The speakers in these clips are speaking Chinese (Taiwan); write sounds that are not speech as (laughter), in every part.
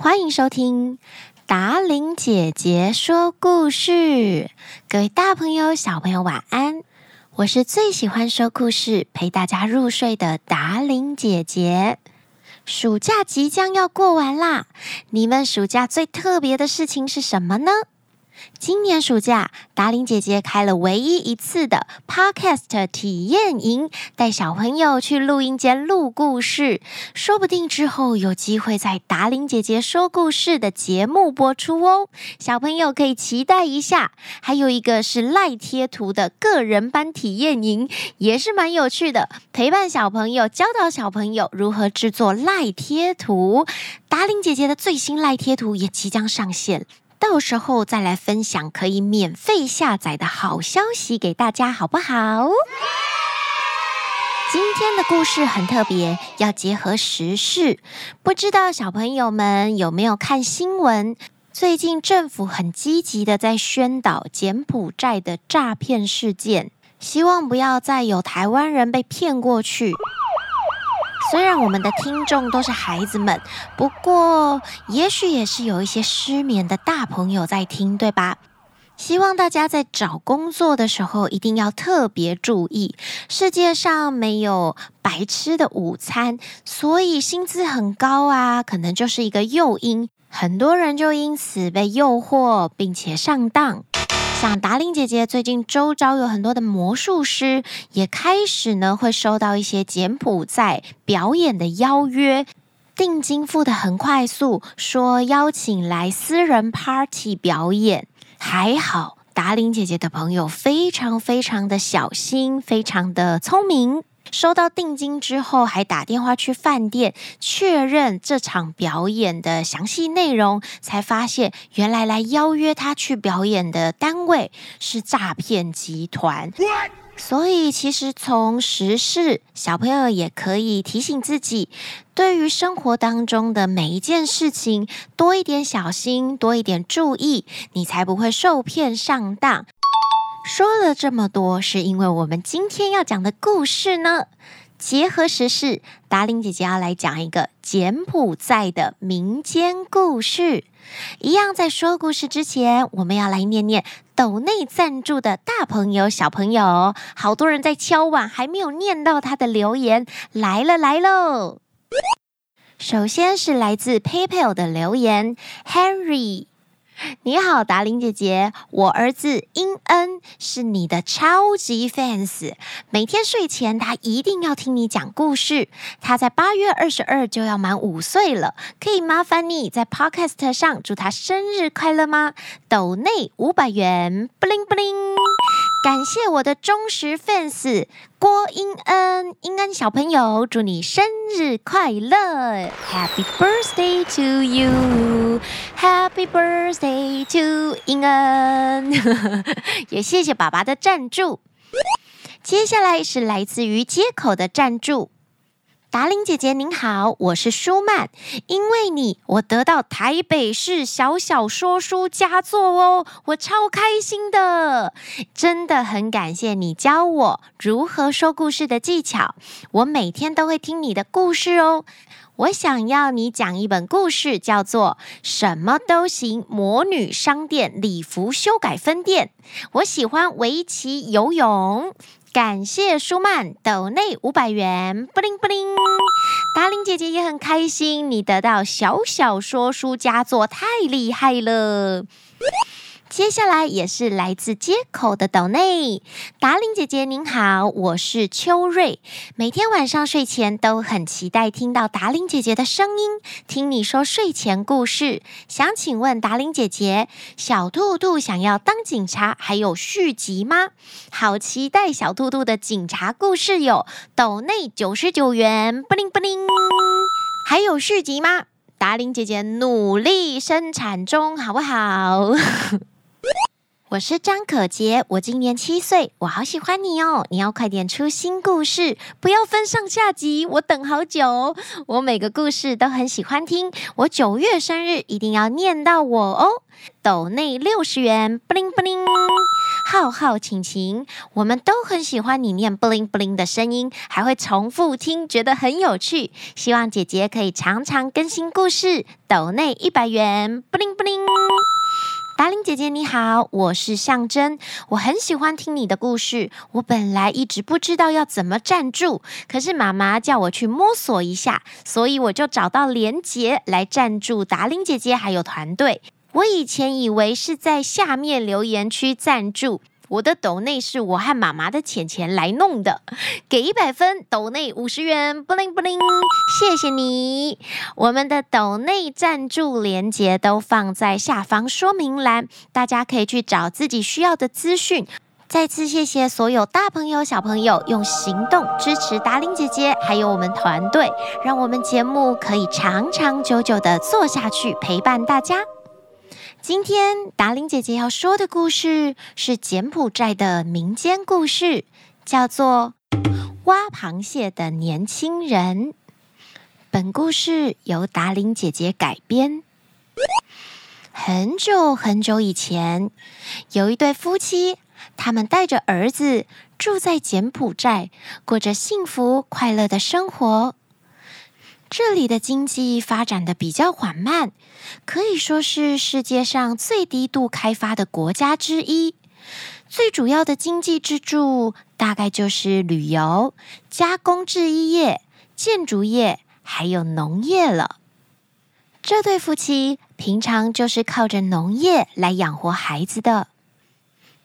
歡迎收聽達伶姐姐說故事，各位大朋友、小朋友晚安！我是最喜歡說故事、陪大家入睡的達伶姐姐。暑假即將要過完啦，你們暑假最特別的事情是什麼呢？今年暑假，達伶姐姐開了唯一一次的 Podcast 體驗營，帶小朋友去錄音間錄故事，說不定之後有機會在達伶姐姐說故事的節目播出哦，小朋友可以期待一下。還有一個是賴貼圖的個人班體驗營，也是蠻有趣的，陪伴小朋友，教導小朋友如何製作賴貼圖。達伶姐姐的最新賴貼圖也即將上線。到時候再來分享可以免費下載的好消息給大家，好不好？今天的故事很特別，要結合時事。不知道小朋友們有沒有看新聞？最近政府很積極地在宣導柬埔寨的詐騙事件，希望不要再有台灣人被騙過去。雖然我們的聽眾都是孩子們，不過也許也是有一些失眠的大朋友在聽，對吧？希望大家在找工作的時候一定要特別注意，世界上沒有白吃的午餐，所以薪資很高啊，可能就是一個誘因，很多人就因此被誘惑並且上當。像達伶姐姐最近周遭有很多的魔術師，也開始呢，會收到一些柬埔寨表演的邀約，定金付得很快速，說邀請來私人 party 表演，還好達伶姐姐的朋友非常非常的小心，非常的聰明。收到定金之後，還打電話去飯店確認這場表演的詳細內容，才發現原來來邀約他去表演的單位是詐騙集團。What? 所以，其實從時事，小朋友也可以提醒自己，對於生活當中的每一件事情，多一點小心，多一點注意，你才不會受騙上當。說了這麼多，是因為我們今天要講的故事呢，結合時事。達伶姐姐要來講一個柬埔寨的民間故事。一樣，在說故事之前，我們要來念念抖內贊助的大朋友、小朋友。好多人在敲碗，還沒有念到他的留言，來了，來嘍！首先是來自 PayPal 的留言，Henry。你好，達伶姐姐，我兒子英恩是你的超級 fans，每天睡前他一定要聽你講故事。他在八月二十二就要滿五歲了，可以麻煩你在 podcast 上祝他生日快樂嗎？抖內五百元，布靈布靈。感謝我的忠實粉絲郭英恩，英恩小朋友，祝你生日快樂，Happy Birthday to you！Happy birthday to England！也謝謝爸爸的贊助。接下來是來自於街口的贊助。達玲姐姐您好，我是舒曼。因為你，我得到台北市小小說書佳作哦，我超開心的！真的很感謝你教我如何說故事的技巧，我每天都會聽你的故事哦。我想要你講一本故事，叫做《什麼都行魔女商店禮服修改分店》。我喜歡圍棋、游泳。感謝舒曼，抖內五百元，布靈布靈。達伶姐姐也很開心，你得到小小說書佳作，太厲害了。接下來也是來自街口的抖內。達伶姐姐您好，我是邱瑞，每天晚上睡前都很期待聽到達伶姐姐的聲音，聽你說睡前故事。想請問達伶姐姐，小兔兔想要當警察，還有續集嗎？好期待小兔兔的警察故事。有抖內九十九元，不靈不靈，還有續集嗎？達伶姐姐努力生產中，好不好？ (laughs) 我是張可杰，我今年七歲，我好喜歡你哦！你要快點出新故事，不要分上下集，我等好久哦。我每個故事都很喜歡聽，我九月生日一定要念到我哦。斗內六十元，布靈布靈，浩浩晴晴，我們都很喜歡你念布靈布靈的聲音，還會重複聽，覺得很有趣。希望姐姐可以常常更新故事。斗內一百元，布靈布靈。達伶姐姐你好，我是向珍，我很喜歡聽你的故事。我本來一直不知道要怎麼贊助，可是媽媽叫我去摸索一下，所以我就找到連結來贊助達伶姐姐還有團隊。我以前以為是在下面留言區贊助。我的鬥內是我和媽媽的錢錢來弄的，給一百分，鬥內五十元，布靈布靈，謝謝你。我們的鬥內贊助鏈接都放在下方說明欄，大家可以去找自己需要的資訊。再次謝謝所有大朋友、小朋友用行動支持達伶姐姐，還有我們團隊，讓我們節目可以長長久久的做下去，陪伴大家。今天達伶姐姐要說的故事是柬埔寨的民間故事，叫做《挖螃蟹的年輕人》。本故事由達伶姐姐改編。很久很久以前，有一對夫妻，他們帶着兒子住在柬埔寨，過着幸福快樂的生活。這裡的經濟發展得比較緩慢，可以說是世界上最低度開發的國家之一。最主要的經濟支柱大概就是旅遊、加工制衣業、建築業，還有農業了。這對夫妻平常就是靠着農業來養活孩子的。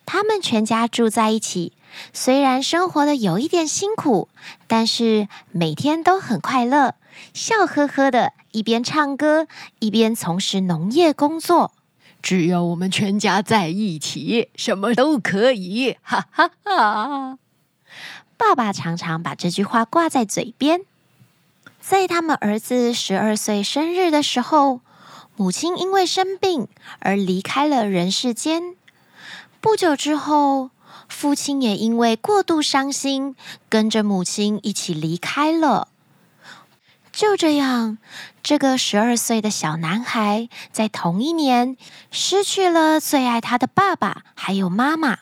他們全家住在一起，雖然生活的有一點辛苦，但是每天都很快樂，笑呵呵的，一邊唱歌，一邊從事農業工作。只要我們全家在一起，什麼都可以。哈哈哈哈！爸爸常常把這句話掛在嘴邊。在他們兒子十二歲生日的時候，母親因為生病而離開了人世間。不久之後，父親也因為過度傷心，跟着母親一起離開了。就這樣，這個十二歲的小男孩在同一年失去了最愛他的爸爸，還有媽媽。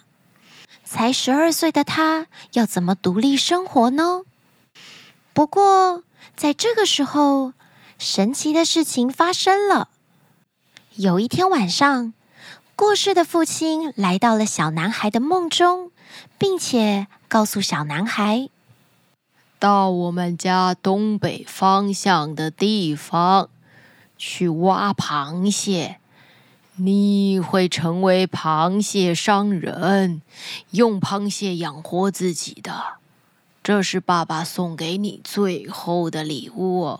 才十二歲的他，要怎麼獨立生活呢？不過，在這個時候，神奇的事情發生了。有一天晚上，過世的父親來到了小男孩的夢中，並且告訴小男孩：“到我們家東北方向的地方去挖螃蟹，你會成為螃蟹商人，用螃蟹養活自己的。這是爸爸送給你最後的禮物哦。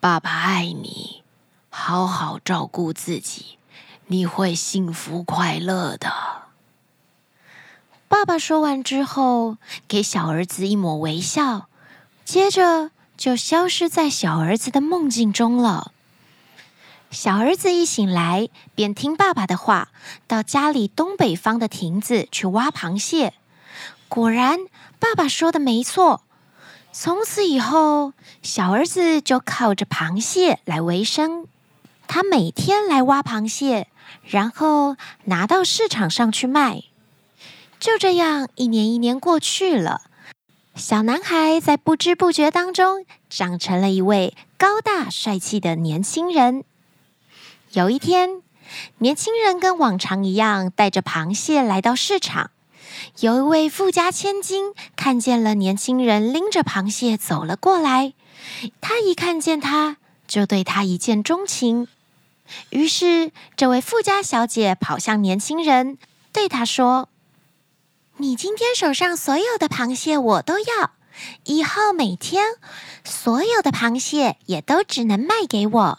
爸爸愛你，好好照顧自己。”你會幸福快樂的。爸爸說完之後，給小兒子一抹微笑，接着就消失在小兒子的夢境中了。小兒子一醒來，便聽爸爸的話，到家裡東北方的亭子去挖螃蟹。果然，爸爸說的沒錯。從此以後，小兒子就靠着螃蟹來維生。他每天來挖螃蟹，然後拿到市場上去賣。就這樣，一年一年過去了，小男孩在不知不覺當中長成了一位高大帥氣的年輕人。有一天，年輕人跟往常一樣帶着螃蟹來到市場，有一位富家千金看見了年輕人拎着螃蟹走了過來，他一看見他，就對他一見鍾情。於是，這位富家小姐跑向年輕人，對他說：“你今天手上所有的螃蟹我都要，以後每天所有的螃蟹也都只能賣給我。”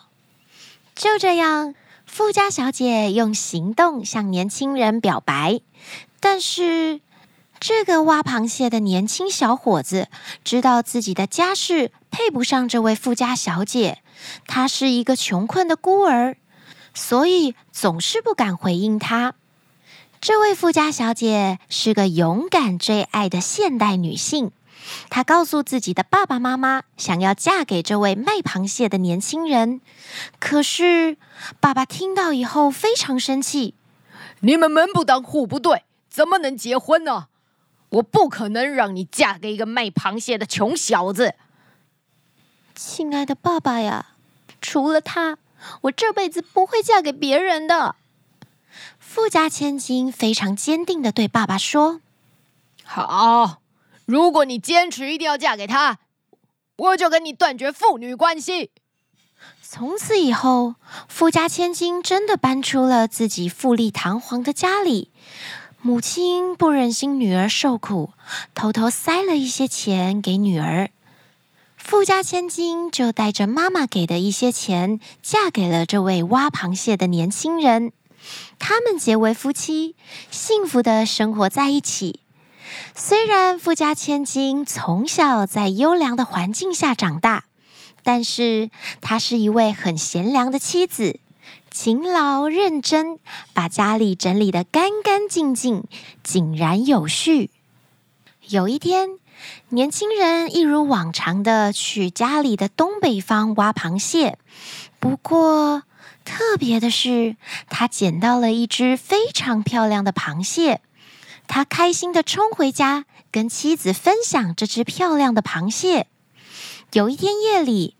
就這樣，富家小姐用行動向年輕人表白。但是，這個挖螃蟹的年輕小夥子知道自己的家世配不上這位富家小姐。他是一個窮困的孤兒，所以總是不敢回應他。這位富家小姐是個勇敢、追愛的現代女性。她告訴自己的爸爸媽媽，想要嫁給這位賣螃蟹的年輕人。可是爸爸聽到以後非常生氣：“你們門不當戶不對，怎麼能結婚呢？我不可能讓你嫁給一個賣螃蟹的窮小子。”親愛的爸爸呀，除了他，我這輩子不會嫁給別人的。富家千金非常堅定的對爸爸說：“好，如果你堅持一定要嫁給他，我就跟你斷絕父女關係。”從此以後，富家千金真的搬出了自己富麗堂皇的家裡。母親不忍心女兒受苦，偷偷塞了一些錢給女兒。富家千金就帶着媽媽給的一些錢，嫁給了這位挖螃蟹的年輕人。他們結為夫妻，幸福的生活在一起。雖然富家千金從小在優良的環境下長大，但是她是一位很賢良的妻子，勤勞認真，把家裡整理得乾乾淨淨，井然有序。有一天，年輕人一如往常的去家裡的東北方挖螃蟹，不過特別的是，他撿到了一隻非常漂亮的螃蟹。他開心的衝回家，跟妻子分享這隻漂亮的螃蟹。有一天夜裡，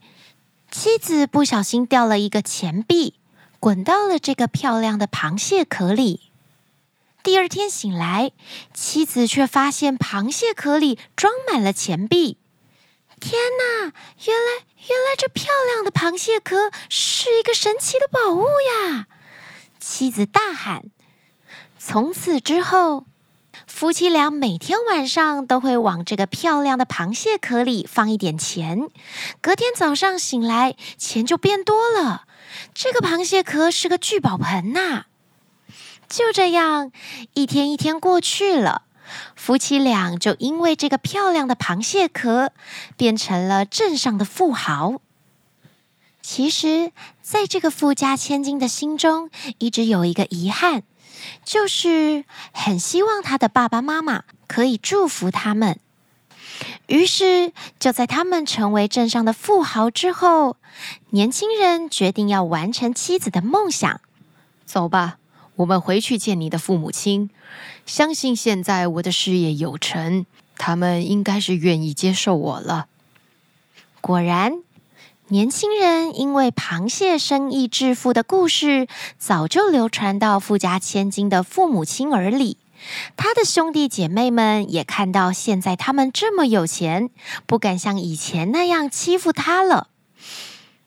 妻子不小心掉了一個錢幣，滾到了這個漂亮的螃蟹殼裡。第二天醒來，妻子卻發現螃蟹殼裡裝滿了錢幣。天哪！原來原來這漂亮的螃蟹殼是一個神奇的寶物呀！妻子大喊。從此之後，夫妻倆每天晚上都會往這個漂亮的螃蟹殼裡放一點錢。隔天早上醒來，錢就變多了。這個螃蟹殼是個聚寶盆吶、啊！就這樣，一天一天過去了，夫妻倆就因為這個漂亮的螃蟹殼，變成了鎮上的富豪。其實，在這個富家千金的心中，一直有一個遺憾，就是很希望他的爸爸媽媽可以祝福他們。於是，就在他們成為鎮上的富豪之後，年輕人決定要完成妻子的夢想。走吧。我們回去見你的父母親，相信現在我的事業有成，他們應該是願意接受我了。果然，年輕人因為螃蟹生意致富的故事，早就流傳到富家千金的父母親耳裡。他的兄弟姐妹們也看到現在他們這麼有錢，不敢像以前那樣欺負他了。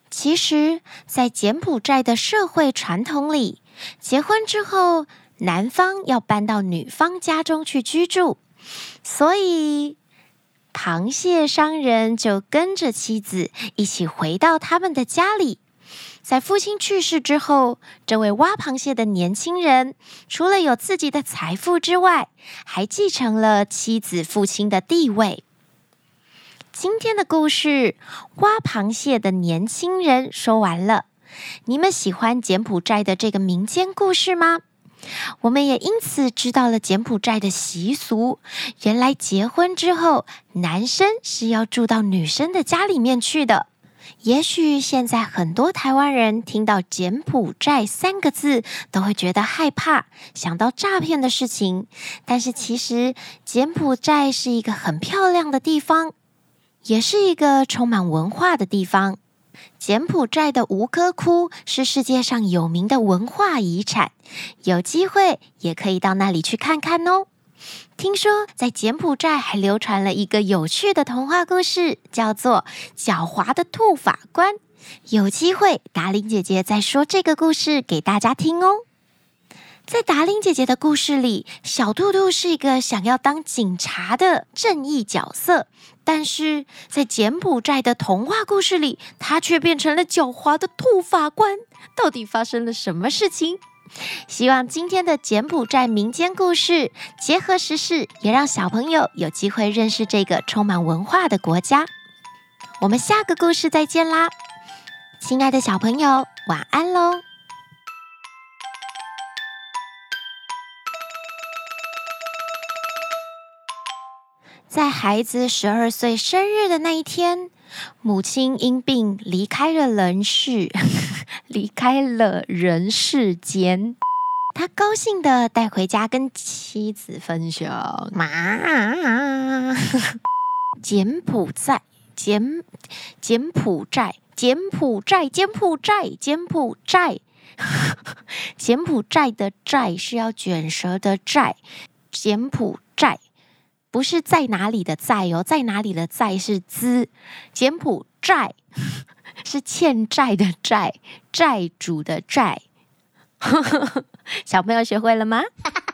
其實，在柬埔寨的社會傳統裡，結婚之後，男方要搬到女方家中去居住，所以螃蟹商人就跟着妻子一起回到他們的家裡。在父親去世之後，這位挖螃蟹的年輕人除了有自己的財富之外，還繼承了妻子父親的地位。今天的故事，挖螃蟹的年輕人說完了。你們喜歡柬埔寨的這個民間故事嗎？我們也因此知道了柬埔寨的習俗。原來結婚之後，男生是要住到女生的家裡面去的。也許現在很多台灣人聽到柬埔寨三個字都會覺得害怕，想到詐騙的事情。但是其實柬埔寨是一個很漂亮的地方，也是一個充滿文化的地方。柬埔寨的吳哥窟是世界上有名的文化遺產，有機會也可以到那裡去看看哦。聽說在柬埔寨還流傳了一個有趣的童話故事，叫做《狡猾的兔法官》。有機會，達伶姐姐再說這個故事給大家聽哦。在達伶姐姐的故事裡，小兔兔是一個想要當警察的正義角色，但是在柬埔寨的童話故事裡，它卻變成了狡猾的兔法官。到底發生了什麼事情？希望今天的柬埔寨民間故事結合時事，也讓小朋友有機會認識這個充滿文化的國家。我們下個故事再見啦，親愛的小朋友，晚安嘍！在孩子十二歲生日的那一天，母親因病離開了人世，呵呵離開了人世間。他高興的帶回家跟妻子分享：“媽啊啊啊啊， (laughs) 柬埔寨，柬柬埔寨，柬埔寨，柬埔寨，柬埔寨，柬埔寨， (laughs) 柬埔寨的寨是要卷舌的寨，柬埔寨。”不是在哪裡的在哦，在哪裡的債是資，柬埔寨是欠債的債，債主的債， (laughs) 小朋友學會了嗎？ (laughs)